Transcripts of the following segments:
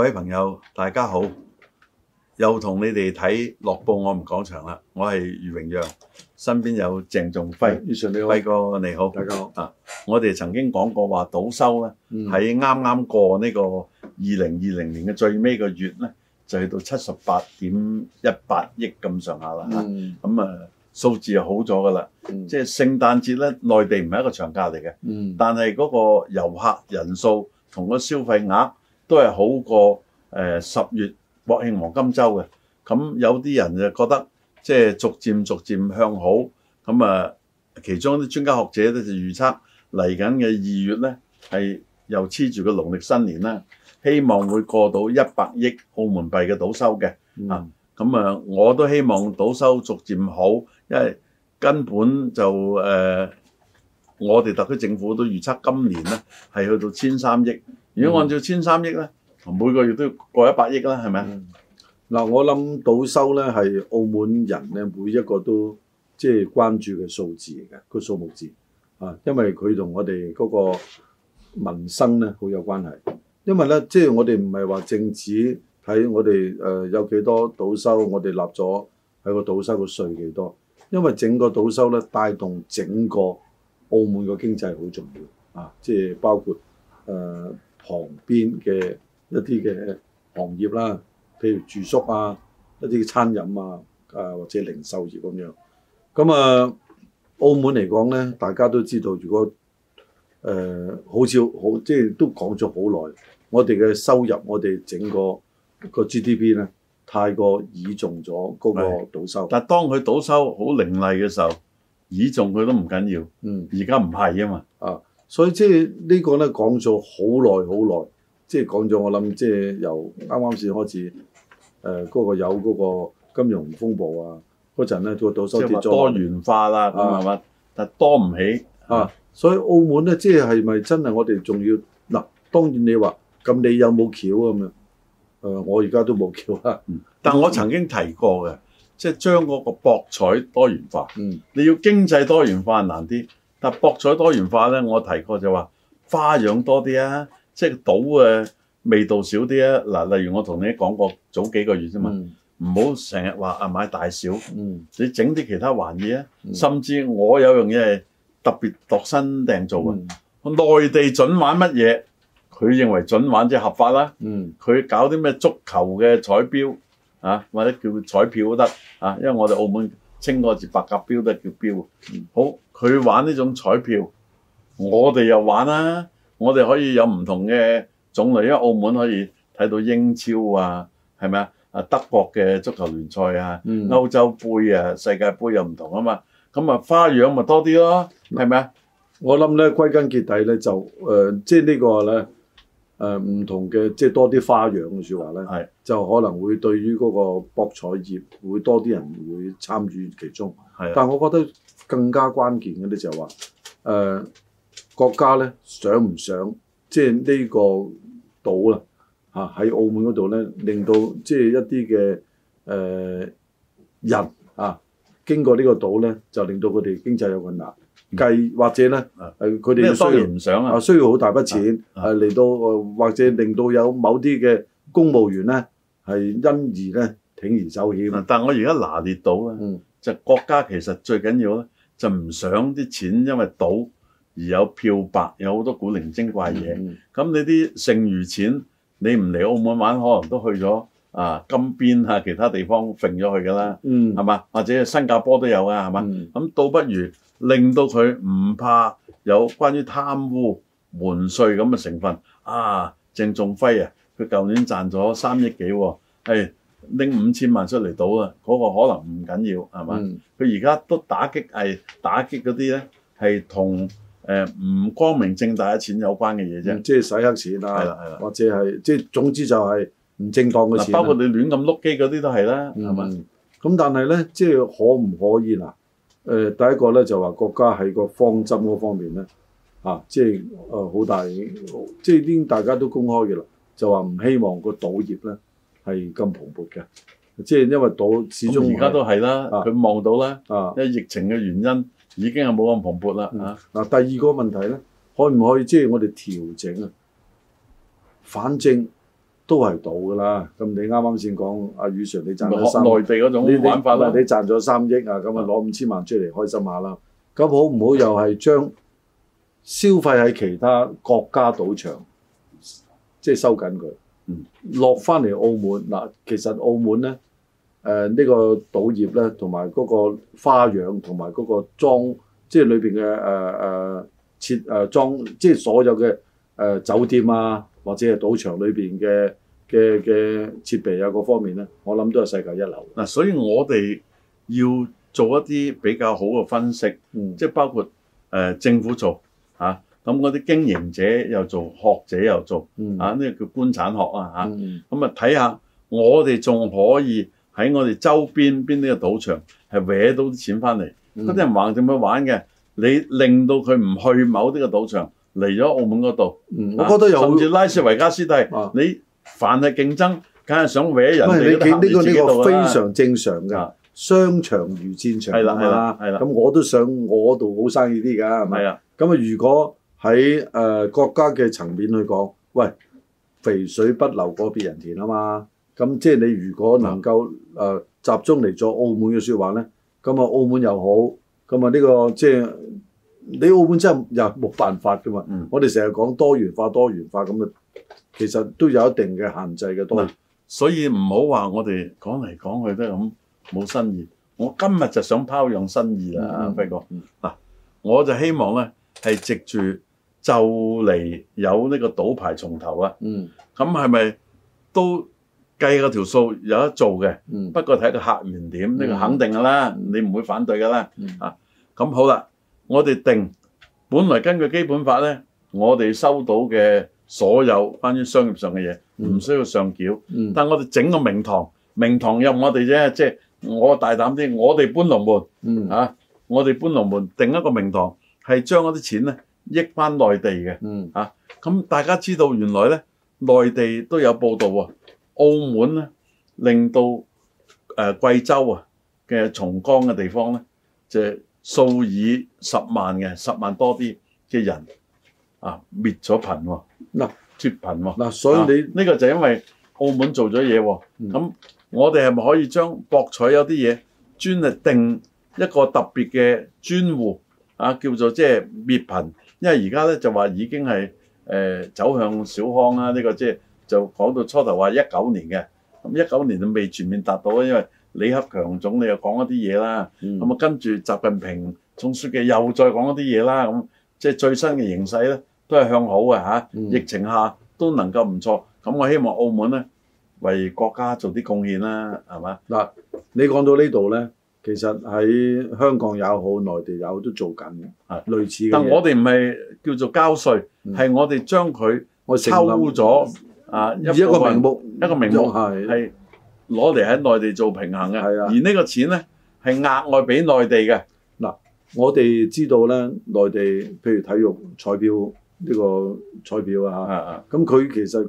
各位朋友，大家好！又同你哋睇《樂報我哋講場》啦。我係余榮陽，身邊有鄭仲輝。余輝哥你好，哥你好大家好啊！我哋曾經講過話賭收咧，喺啱啱過呢個二零二零年嘅最尾個月咧，就去到七十八點一八億咁上下啦。吓咁、嗯、啊，數字又好咗噶啦。嗯、即係聖誕節咧，內地唔係一個長假嚟嘅，嗯、但係嗰個遊客人數同個消費額。都係好過誒十月國慶黃金週嘅，咁有啲人就覺得即係逐漸逐漸向好，咁啊，其中啲專家學者咧就預測嚟緊嘅二月呢，係又黐住個農曆農曆新年啦，希望會過到一百億澳門幣嘅賭收嘅啊，咁、嗯、啊，我都希望賭收逐漸好，因為根本就誒、呃、我哋特區政府都預測今年呢係去到千三億。如果按照千三億咧，每個月都要過一百億啦，係咪啊？嗱，我諗賭收咧係澳門人咧每一個都即係關注嘅數字嚟嘅個數目字啊，因為佢同我哋嗰個民生咧好有關係。因為咧，即係我哋唔係話淨止睇我哋誒有幾多賭收，我哋立咗喺個賭收個稅幾多少。因為整個賭收咧帶動整個澳門個經濟好重要啊，即係包括誒。呃旁邊嘅一啲嘅行業啦，譬如住宿啊，一啲嘅餐飲啊，啊或者零售業咁樣。咁啊，澳門嚟講咧，大家都知道，如果誒、呃、好少好，即係都講咗好耐，我哋嘅收入，我哋整個個 GDP 咧，太過倚重咗嗰個賭收。但係當佢賭收好凌厲嘅時候，倚重佢都唔緊要。嗯。而家唔係啊嘛。啊。所以即係呢個咧講咗好耐好耐，即係講咗我諗即係由啱啱先開始，誒嗰個有嗰個金融風暴啊嗰陣咧，個倒收跌咗，多元化啦，係咪？但多唔起啊，所以澳門咧即係咪真係我哋仲要嗱？當然你話咁你有冇橋咁樣？誒，我而家都冇橋啊，啊我啊嗯，但我曾經提過嘅，即係將嗰個博彩多元化，嗯，你要經濟多元化難啲。但博彩多元化咧，我提過就話花樣多啲啊，即係賭嘅味道少啲啊。嗱，例如我同你講過早幾個月啫嘛，唔好成日話啊買大小，嗯、你整啲其他玩意啊。嗯、甚至我有樣嘢係特別度身訂做嘅，嗯、內地準玩乜嘢，佢認為準玩即係合法啦。佢、嗯、搞啲咩足球嘅彩標啊，或者叫彩票都得啊，因為我哋澳門稱個字白鴿標都係叫標。嗯、好。佢玩呢種彩票，我哋又玩啦。我哋可以有唔同嘅種類，因為澳門可以睇到英超啊，係咪啊？啊，德國嘅足球聯賽啊，歐洲盃啊，世界盃又唔同啊嘛。咁啊，花樣咪多啲咯，係咪啊？我諗咧，歸根結底咧，就誒、呃，即係呢個咧。誒唔、呃、同嘅即係多啲花樣嘅説話咧，的就可能會對於嗰個博彩業會多啲人會參與其中。係的，但係我覺得更加關鍵嘅咧就係、是、話，誒、呃、國家咧想唔想即係呢個島啦？嚇、啊、喺澳門嗰度咧，令到即係一啲嘅誒人嚇、啊、經過呢個島咧，就令到佢哋經濟有困難。計或者咧，誒佢哋需要唔想需要好、啊這個啊、大筆錢，誒嚟、啊啊、到或者令到有某啲嘅公務員咧係因而咧鋌而走險啊！但係我而家拿捏到啊，嗯、就國家其實最緊要咧就唔想啲錢因為賭而有漂白，有好多古靈精怪嘢。咁、嗯、你啲剩餘錢你唔嚟澳門玩，可能都去咗。啊，金邊啊，其他地方揈咗佢㗎啦，係嘛、嗯？或者新加坡都有㗎，係嘛？咁、嗯、倒不如令到佢唔怕有關於貪污、門稅咁嘅成分。啊，鄭仲輝啊，佢舊年賺咗三億幾喎，係拎五千萬出嚟賭啊，嗰、那個可能唔緊要係嘛？佢而家都打擊係打擊嗰啲咧，係同誒唔光明正大嘅錢有關嘅嘢啫，即係洗黑錢啦、啊、或者係即係總之就係、是。唔正當嘅錢、啊嗯、包括你亂咁碌機嗰啲都係啦、啊，係嘛？咁、嗯、但係咧，即係可唔可以嗱？誒、呃，第一個咧就話國家喺個方針嗰方面咧、啊，即係好、呃、大，即係啲大家都公開嘅啦，就話唔希望個賭業咧係咁蓬勃嘅，即係因為賭始終而家、嗯、都係啦，佢望、啊、到啦，啊、因為疫情嘅原因已經係冇咁蓬勃啦嚇嗱，第二個問題咧，可唔可以即係我哋調整啊？反正。都係賭㗎啦，咁你啱啱先講阿宇尚，啊、Sir, 你賺咗三，內地嗰種玩法啦。你，、啊、你賺咗三億啊，咁啊攞五千萬出嚟、嗯、開心下啦。咁好唔好？又係將消費喺其他國家賭場，即、就、係、是、收緊佢。嗯。落翻嚟澳門嗱、啊，其實澳門咧，呢、呃這個賭業咧，同埋嗰個花樣，同埋嗰個、就是裡呃呃呃、裝，即係裏面嘅誒誒設裝，即係所有嘅誒、呃、酒店啊，或者係賭場裏面嘅。嘅嘅設備啊，各方面咧，我諗都係世界一流嗱、啊，所以我哋要做一啲比較好嘅分析，嗯、即係包括、呃、政府做吓咁嗰啲經營者又做，學者又做、嗯、啊，呢、呢個叫官產學啊咁、嗯、啊睇下我哋仲可以喺我哋周邊邊啲嘅賭場係搲到啲錢翻嚟，嗰啲、嗯、人橫掂去玩嘅，你令到佢唔去某啲嘅賭場，嚟咗澳門嗰度、嗯，我覺得有、啊、甚至拉斯維加斯都係、啊、你。凡係競爭，梗係想搲人，你度呢個呢個非常正常嘅，啊、商場如戰場，係啦係啦係啦。咁我都想我度好生意啲㗎，係咪？咁啊的，如果喺誒、呃、國家嘅層面去講，喂，肥水不流過別人田啊嘛。咁即係你如果能夠誒的、呃、集中嚟做澳門嘅説話咧，咁啊澳門又好，咁啊呢個即係。你澳門真係又冇辦法噶嘛？嗯、我哋成日講多元化、多元化咁啊，其實都有一定嘅限制嘅多。所以唔好話我哋講嚟講去都係咁冇新意。我今日就想拋樣新意啦，嗯、輝哥、嗯。我就希望咧係藉住就嚟有呢個賭牌重頭啊。咁係咪都計個條數有得做嘅？嗯、不過睇到客源點呢個肯定噶啦，你唔會反對噶啦。嗯、啊，咁好啦。我哋定本來根據基本法咧，我哋收到嘅所有關於商業上嘅嘢唔需要上繳，嗯、但我哋整個名堂，名堂入我哋啫，即、就、係、是、我大膽啲，我哋搬龍門、嗯啊、我哋搬龍門定一個名堂，係將一啲錢咧益翻內地嘅咁、啊嗯啊、大家知道原來咧內地都有報道喎，澳門咧令到誒、呃、貴州啊嘅松江嘅地方咧就。數以十萬嘅十萬多啲嘅人啊，滅咗貧喎，嗱、啊，脫貧喎，嗱、啊，所以你呢、啊、個就因為澳門做咗嘢喎，咁、嗯、我哋係咪可以將博彩有啲嘢專嚟定一個特別嘅專戶啊，叫做即係滅貧，因為而家咧就話已經係、呃、走向小康啦、啊，呢、這個即係就講到初頭話一九年嘅，咁一九年都未全面達到啊，因為。李克強總理又講一啲嘢啦，咁啊跟住習近平總書記又再講一啲嘢啦，咁即係最新嘅形勢咧都係向好嘅嚇，疫情下都能夠唔錯。咁我希望澳門咧為國家做啲貢獻啦，係嘛？嗱，你講到呢度咧，其實喺香港也好，內地也好，都做緊啊，類似。但係我哋唔係叫做交稅，係我哋將佢我抽咗啊，以一個名目，一個名目係。攞嚟喺內地做平衡嘅，啊、而呢個錢咧係額外俾內地嘅。嗱，我哋知道咧，內地譬如體育彩票呢個彩票啊嚇，咁佢、啊嗯、其實、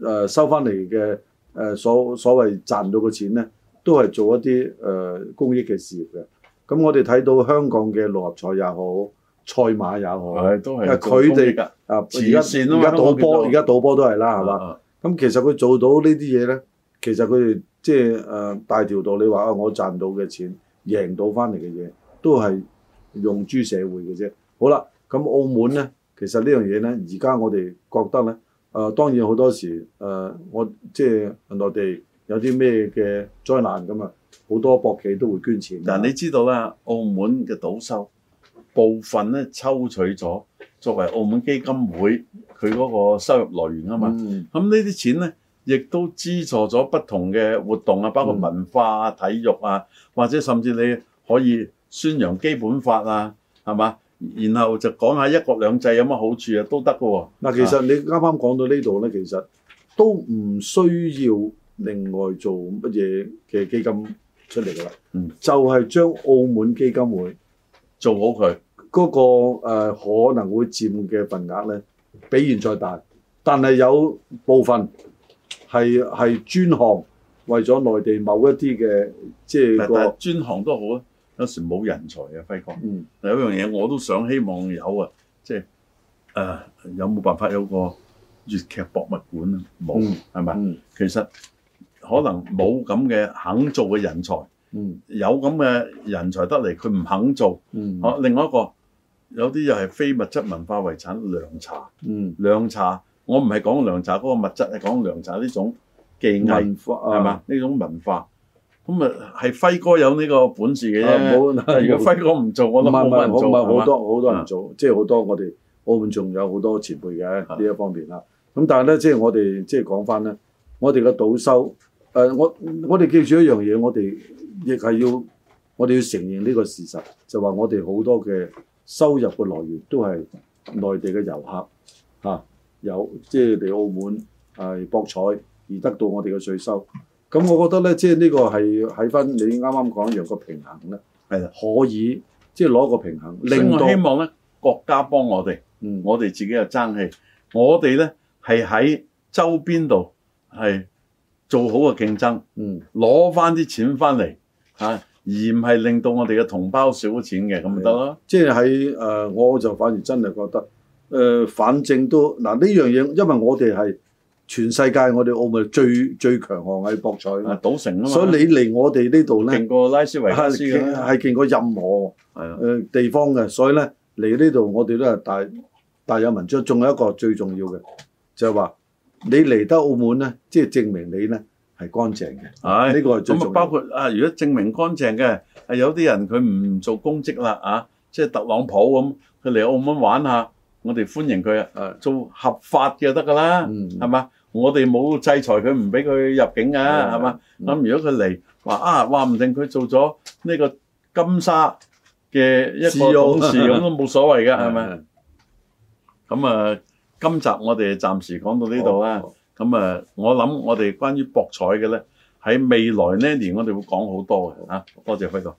個、呃、收翻嚟嘅、呃、所所謂賺到嘅錢咧，都係做一啲、呃、公益嘅事業嘅。咁、嗯、我哋睇到香港嘅六合彩也好，賽馬也好，都係佢哋們啊，而家賭波而家賭波都係啦，係嘛？咁、啊嗯嗯、其實佢做到呢啲嘢咧。其實佢哋即係誒大條道理，你話啊，我賺到嘅錢，贏到翻嚟嘅嘢，都係用諸社會嘅啫。好啦，咁澳門咧，其實呢樣嘢咧，而家我哋覺得咧，誒、呃、當然好多時誒、呃，我即係內地有啲咩嘅災難咁啊，好多博企都會捐錢。嗱，你知道啦，澳門嘅賭收部分咧抽取咗作為澳門基金會佢嗰個收入來源啊嘛。咁、嗯、呢啲錢咧？亦都資助咗不同嘅活動啊，包括文化、啊、體育啊，或者甚至你可以宣揚基本法啊，係嘛？然後就講下一國兩制有乜好處啊，都得嘅喎。嗱，其實你啱啱講到呢度咧，其實都唔需要另外做乜嘢嘅基金出嚟㗎啦。嗯，就係將澳門基金會做好佢嗰個誒可能會佔嘅份額咧，比現在大，但係有部分。係係專項為咗內地某一啲嘅即係個專項都好啊，有時冇人才啊，輝哥。嗯，有一樣嘢我都想希望有、即係、啊，即係誒有冇辦法有個粵劇博物館啊？冇，係咪？其實可能冇咁嘅肯做嘅人才，嗯、有咁嘅人才得嚟佢唔肯做。嗯、啊，另外一個有啲又係非物質文化遺產涼茶。嗯，涼茶。我唔係講涼茶嗰個物質，係講涼茶呢種技藝，係嘛呢種文化？咁啊，係輝哥有呢個本事嘅啫。啊、如果輝哥唔做，沒我都唔會做。唔係唔係，好多好多人做，人做嗎即係好多我哋澳門仲有好多前輩嘅呢一方面啦。咁的但係咧，即係我哋即係講翻咧，我哋嘅賭收誒、呃，我我哋記住一樣嘢，我哋亦係要我哋要承認呢個事實，就話我哋好多嘅收入嘅來源都係內地嘅遊客嚇。有即係你澳門、啊、博彩而得到我哋嘅稅收，咁我覺得咧，即係呢個係喺翻你啱啱講有個平衡咧，係，可以即係攞個平衡，令到外多希望咧國家幫我哋，嗯，我哋自己又爭氣，我哋咧係喺周邊度係做好個競爭，嗯，攞翻啲錢翻嚟吓，而唔係令到我哋嘅同胞少錢嘅，咁咪得咯。即係喺誒，我就反而真係覺得。誒、呃，反正都嗱呢樣嘢，因為我哋係全世界我哋澳門最最強項係博彩，啊賭城啊嘛，嘛所以你嚟我哋呢度咧，係見過拉斯維加斯嘅，係見、啊、任何係啊的、呃、地方嘅，所以咧嚟呢度我哋都係大大有文章。仲有一個最重要嘅就係、是、話你嚟得澳門咧，即、就、係、是、證明你咧係乾淨嘅，呢唉個係咁啊，包括啊，如果證明乾淨嘅係有啲人佢唔做公職啦啊，即係特朗普咁，佢嚟澳門玩下。我哋歡迎佢啊！做合法嘅得噶啦，係嘛、嗯？我哋冇制裁佢，唔俾佢入境啊，係嘛？咁如果佢嚟話啊，話唔定佢做咗呢個金沙嘅一個董事咁都冇所謂㗎，係咪？咁啊、嗯嗯，今集我哋暫時講到呢度啦。咁啊、嗯，我諗我哋關於博彩嘅咧，喺未來呢一年我哋會講好多嘅嚇、啊。多謝開到。